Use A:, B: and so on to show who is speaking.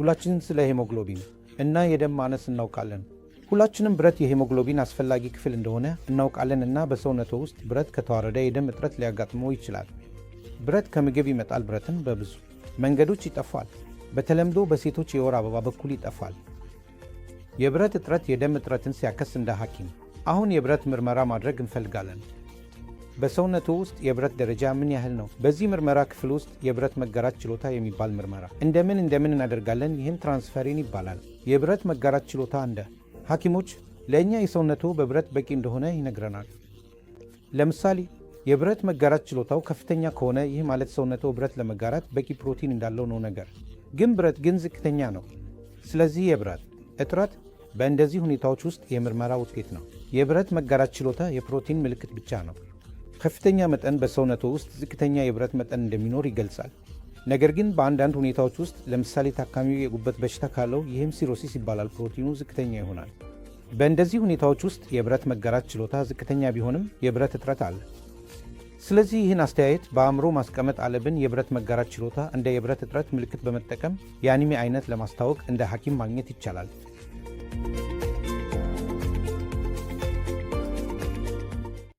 A: ሁላችንም ስለ ሄሞግሎቢን እና የደም ማነስ እናውቃለን። ሁላችንም ብረት የሄሞግሎቢን አስፈላጊ ክፍል እንደሆነ እናውቃለን እና በሰውነቶ ውስጥ ብረት ከተዋረደ የደም እጥረት ሊያጋጥመው ይችላል። ብረት ከምግብ ይመጣል። ብረትን በብዙ መንገዶች ይጠፋል። በተለምዶ በሴቶች የወር አበባ በኩል ይጠፋል። የብረት እጥረት የደም እጥረትን ሲያከስ እንደ ሐኪም አሁን የብረት ምርመራ ማድረግ እንፈልጋለን። በሰውነቱ ውስጥ የብረት ደረጃ ምን ያህል ነው? በዚህ ምርመራ ክፍል ውስጥ የብረት መጋራት ችሎታ የሚባል ምርመራ እንደምን እንደምን እናደርጋለን። ይህም ትራንስፈሪን ይባላል። የብረት መጋራት ችሎታ እንደ ሐኪሞች ለእኛ የሰውነቱ በብረት በቂ እንደሆነ ይነግረናል። ለምሳሌ የብረት መጋራት ችሎታው ከፍተኛ ከሆነ ይህ ማለት ሰውነቱ ብረት ለመጋራት በቂ ፕሮቲን እንዳለው ነው። ነገር ግን ብረት ግን ዝቅተኛ ነው። ስለዚህ የብረት እጥረት በእንደዚህ ሁኔታዎች ውስጥ የምርመራ ውጤት ነው። የብረት መጋራት ችሎታ የፕሮቲን ምልክት ብቻ ነው። ከፍተኛ መጠን በሰውነቶ ውስጥ ዝቅተኛ የብረት መጠን እንደሚኖር ይገልጻል። ነገር ግን በአንዳንድ ሁኔታዎች ውስጥ ለምሳሌ ታካሚው የጉበት በሽታ ካለው ይህም ሲሮሲስ ይባላል፣ ፕሮቲኑ ዝቅተኛ ይሆናል። በእንደዚህ ሁኔታዎች ውስጥ የብረት መጋራት ችሎታ ዝቅተኛ ቢሆንም የብረት እጥረት አለ። ስለዚህ ይህን አስተያየት በአእምሮ ማስቀመጥ አለብን። የብረት መጋራት ችሎታ እንደ የብረት እጥረት ምልክት በመጠቀም የአኒሜ አይነት ለማስታወቅ እንደ ሐኪም ማግኘት ይቻላል።